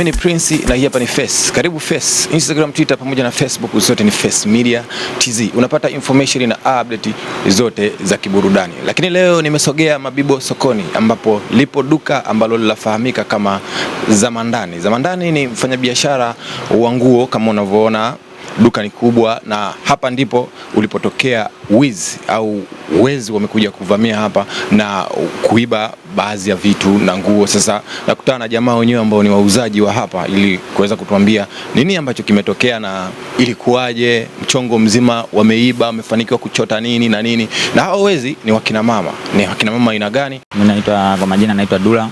Mimi ni Prince na hii hapa ni Face. Karibu Face, Instagram, Twitter pamoja na Facebook zote ni Face Media TZ. Unapata information na update zote za kiburudani. Lakini leo nimesogea Mabibo sokoni ambapo lipo duka ambalo linafahamika kama Zamandani. Zamandani ni mfanyabiashara wa nguo kama unavyoona duka ni kubwa, na hapa ndipo ulipotokea wizi au wezi wamekuja kuvamia hapa na kuiba baadhi ya vitu na nguo. Sasa nakutana na jamaa wenyewe ambao ni wauzaji wa hapa ili kuweza kutuambia nini ambacho kimetokea na ilikuwaje, mchongo mzima wameiba, wamefanikiwa kuchota nini na nini. Na hao wezi ni wakina mama. Ni wakina mama aina gani? Mimi naitwa kwa majina naitwa Dula,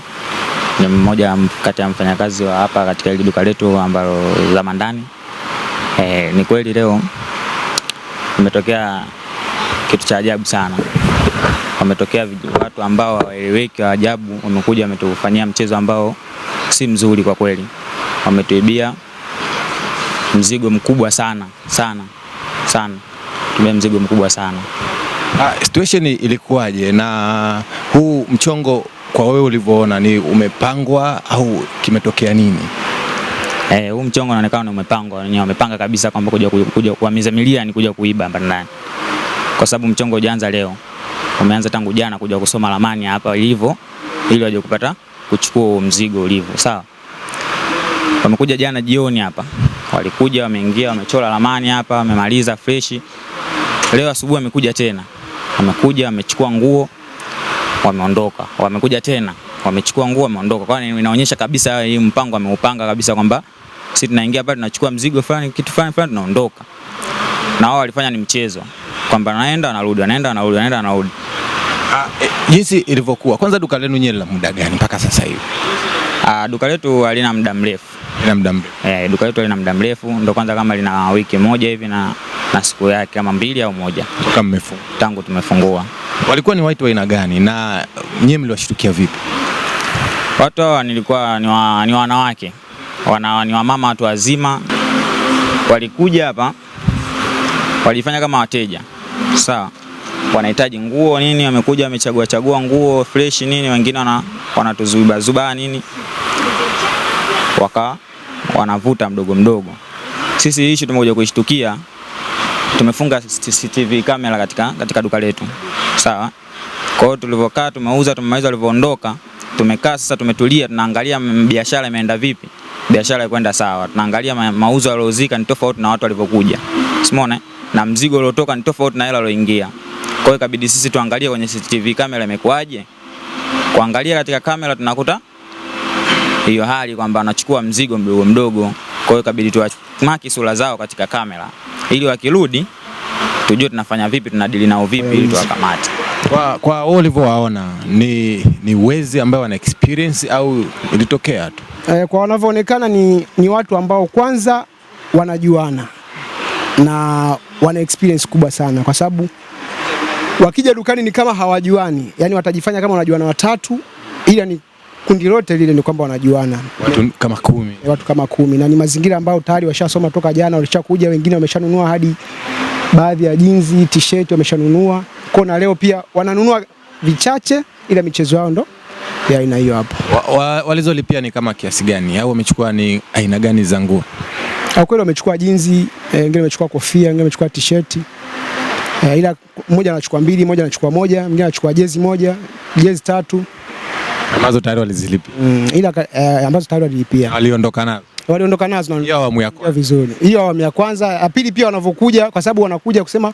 ni mmoja kati ya mfanyakazi wa hapa katika hili duka letu ambalo la Mandani. Eh, ni kweli leo imetokea kitu cha ajabu sana. Wametokea watu ambao hawaeleweki wa ajabu, wamekuja wametufanyia mchezo ambao si mzuri kwa kweli, wametuibia mzigo mkubwa sana sana sana, tumia mzigo mkubwa sana. Ah, situation ilikuwaje? Na huu mchongo kwa wewe ulivyoona, ni umepangwa au kimetokea nini? Eh, huu mchongo unaonekana ni umepangwa, wenyewe wamepanga kabisa kwamba kuja kuja kuamizamilia ni kuja kuiba hapa ndani. Kwa sababu mchongo hujaanza leo. Umeanza tangu jana kuja kusoma ramani hapa ilivyo ili waje kupata kuchukua mzigo ulivyo. Sawa? Wamekuja jana jioni hapa. Walikuja wameingia wamechora ramani hapa, wamemaliza fresh. Leo asubuhi wamekuja tena. Wamekuja wamechukua nguo wameondoka. Wamekuja tena wamechukua nguo wameondoka. Kwa hiyo inaonyesha kabisa hii mpango ameupanga kabisa kwamba si tunaingia pale tunachukua mzigo fulani, kitu fulani fulani, tunaondoka. Na wao walifanya ni mchezo kwamba naenda anarudi, anaenda anarudi, anaenda anarudi. Ah, eh, jinsi ilivyokuwa. Kwanza duka lenu nyewe la muda gani mpaka sasa hivi? Ah, duka letu halina muda mrefu. Halina muda mrefu. Eh, duka letu halina muda mrefu, ndio kwanza kama lina wiki moja hivi na na siku yake kama mbili au moja toka mmefungua. Tangu tumefungua. Walikuwa ni watu wa aina gani na nyewe mliwashtukia vipi? Watu hawa nilikuwa ni wanawake wana ni wamama watu wazima, walikuja hapa, walifanya kama wateja sawa, wanahitaji nguo nini, wamekuja wamechagua chagua nguo fresh nini, wengine wana wanatuzuba zuba nini, waka wanavuta mdogo mdogo. Sisi hichi tumekuja kuishtukia, tumefunga CCTV kamera katika, katika duka letu sawa. Kwa hiyo tulivyokaa, tumeuza tumemaliza, walivyoondoka tumekaa sasa, tumetulia tunaangalia biashara imeenda vipi biashara ikwenda sawa. Tunaangalia mauzo yaliozika ni tofauti na watu walivyokuja, umeona, na mzigo uliotoka ni tofauti na hela aloingia. Kwa hiyo ikabidi sisi tuangalie kwenye CCTV kamera imekuaje. Kuangalia katika kamera tunakuta hiyo hali kwamba anachukua mzigo mdogo mdogo, kwa hiyo ikabidi tuwamaki sura zao katika kamera ili wakirudi tujue tunafanya vipi, tunadili nao vipi ili tuwakamate. Kwa kwa ulivyowaona ni, ni wezi ambao wana experience au ilitokea tu? eh, kwa wanavyoonekana ni, ni watu ambao kwanza wanajuana na wana experience kubwa sana, kwa sababu wakija dukani ni kama hawajuani, yani watajifanya kama wanajuana watatu, ila ni kundi lote lile ni kwamba wanajuana watu kama kumi, e, watu kama kumi, na ni mazingira ambayo tayari washasoma toka jana, walishakuja wengine, wameshanunua hadi baadhi ya jinzi t-shirt wameshanunua, kwa na leo pia wananunua vichache, ila michezo yao ndo ya aina hiyo hapo. Wa, wa, walizolipia ni kama kiasi gani au wamechukua ni aina gani za nguo? Kwa kweli wamechukua jinzi, eh, wengine eh, wamechukua kofia, wengine wamechukua t-shirt. Eh, ila mmoja anachukua mbili, mmoja anachukua moja, mwingine anachukua jezi moja, jezi tatu ambazo tayari walizilipia. Mm, ila eh, ambazo tayari walilipia. Waliondoka nazo. Waliondoka nazo hiyo awamu ya kwanza. Vizuri. Hiyo awamu ya kwanza, ya pili pia wanavyokuja kwa sababu wanakuja kusema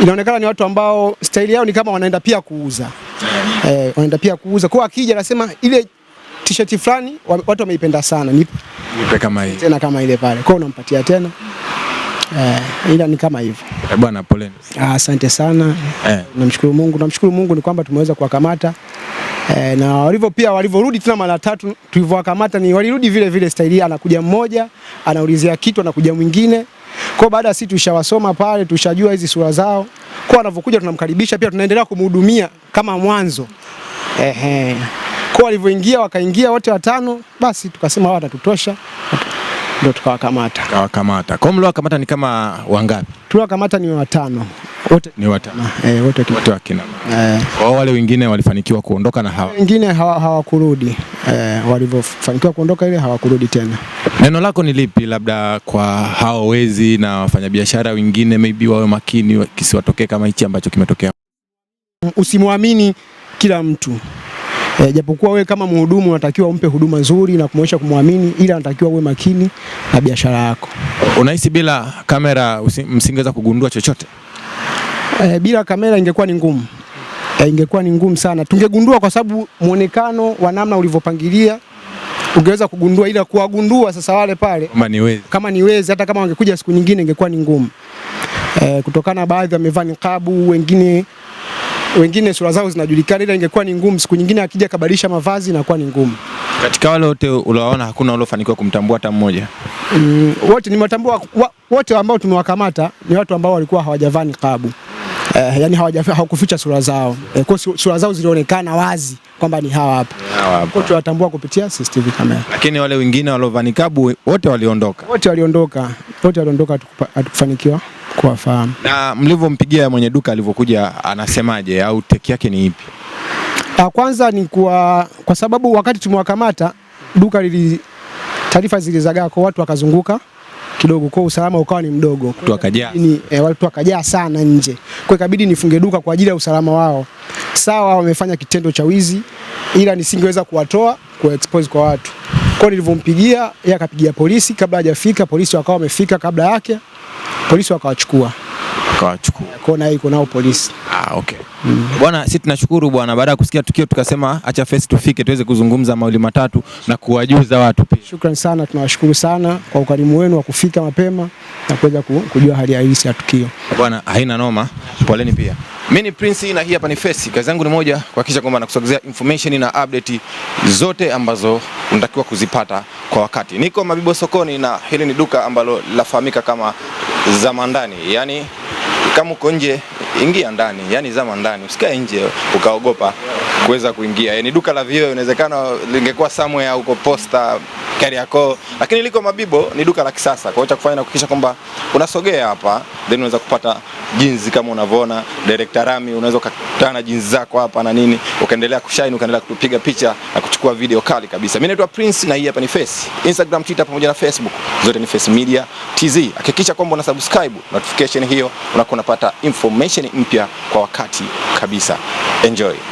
inaonekana ni watu ambao staili yao ni kama wanaenda pia kuuza eh, wanaenda pia kuuza. Kwa akija anasema ile t-shirt fulani watu wameipenda sana, nipe nipe kama hii tena kama ile pale, kwa unampatia tena eh, ila ni kama hivyo eh, bwana poleni. Ah, asante sana eh. Namshukuru Mungu, namshukuru Mungu ni kwamba tumeweza kuwakamata eh, na walivyo pia walivyorudi tena mara tatu tulivyowakamata ni walirudi vile vile staili, anakuja mmoja anaulizia kitu, anakuja mwingine kwa baada ya sisi tushawasoma pale, tushajua hizi sura zao kwa anavyokuja tunamkaribisha, pia tunaendelea kumhudumia kama mwanzo. Ehe, kwa walivyoingia wakaingia wote watano, basi tukasema hawa watatutosha, ndio tukawakamata. Tukawakamata kwa mlo wakamata ni kama wangapi? Tuliwakamata ni watano wote ni watano eh, wote wote wakina eh. Wao wale wengine walifanikiwa kuondoka na hawa wengine hawakurudi hawa eh, walivyofanikiwa kuondoka ile hawakurudi tena. Neno lako ni lipi labda kwa hao wezi na wafanyabiashara wengine, maybe wawe makini kisiwatokee kama hichi ambacho kimetokea? Usimwamini kila mtu e, japokuwa wewe kama mhudumu unatakiwa umpe huduma nzuri na kumwonyesha kumwamini, ila anatakiwa uwe makini na biashara yako. Unahisi bila kamera msingeweza kugundua chochote? E, bila kamera ingekuwa ni ngumu e, ingekuwa ni ngumu sana. Tungegundua kwa sababu mwonekano wa namna ulivyopangilia ungeweza kugundua, ila kuwagundua sasa wale pale kama niwezi, kama niwezi, hata kama wangekuja siku nyingine ingekuwa ni ngumu e, kutokana baadhi wamevaa niqabu, wengine wengine sura zao zinajulikana, ila ingekuwa ni ngumu siku nyingine akija kabadilisha mavazi inakuwa ni ngumu. Katika wale wote uliowaona, hakuna uliofanikiwa kumtambua hata mmoja? Mm, wote nimewatambua wote ambao tumewakamata ni watu ambao walikuwa hawajavaa niqabu. Eh, yani hawakuficha sura zao. Eh, kwa sura zao zilionekana wazi kwamba ni hawa hapa, kwa kupitia CCTV kamera. Lakini wale wengine waliovaa nikabu wote waliondoka, wote waliondoka, wote waliondoka, hatukufanikiwa kuwafahamu. Na mlivyompigia mwenye duka alivyokuja, anasemaje au teki yake ni ipi? Ah, kwanza ni kwa, kwa sababu wakati tumewakamata duka lili taarifa zilizagaa kwa watu wakazunguka kidogo kwa usalama ukawa ni mdogo, watu wakajaa e, wakajaa sana nje, kwa ikabidi nifunge duka kwa ajili ya usalama wao sawa, wamefanya kitendo cha wizi, ila nisingeweza kuwatoa kwa expose kwa watu. Kwa nilivyompigia yeye akapigia polisi, kabla hajafika polisi wakawa wamefika kabla yake, polisi wakawachukua. Kawachukua. Kona hii kunao polisi. Ah, okay. Mm. Bwana, sisi tunashukuru bwana, baada ya kusikia tukio tukasema acha face tufike tuweze kuzungumza mawili matatu na kuwajuza watu pia. Shukrani sana, tunawashukuru sana kwa ukarimu wenu wa kufika mapema na kuweza kujua hali halisi ya tukio. Bwana, haina noma. Poleni pia. Mimi ni Prince na hii hapa ni Face. Kazi yangu ni moja kuhakikisha kwamba nakusogezea information na update zote ambazo unatakiwa kuzipata kwa wakati. Niko Mabibo sokoni na hili ni duka ambalo linafahamika kama Zamandani, yani kama uko nje ingia ndani, yani zama ndani, usikae nje ukaogopa kuweza kuingia. ni duka la vioo, inawezekana lingekuwa somewhere huko Posta, yako lakini liko Mabibo. Ni duka la kisasa, kwa hiyo cha kufanya na kuhakikisha kwamba unasogea hapa, then unaweza kupata jinsi kama unavyoona director Rami, unaweza ukakutana jinsi zako hapa na nini, ukaendelea kushine, ukaendelea kutupiga picha na kuchukua video kali kabisa. Mimi naitwa Prince na hii hapa ni Face, Instagram, Twitter pamoja na Facebook, zote ni Face Media TZ. Hakikisha kwamba una subscribe notification hiyo, unakuwa unapata information mpya kwa wakati kabisa. Enjoy.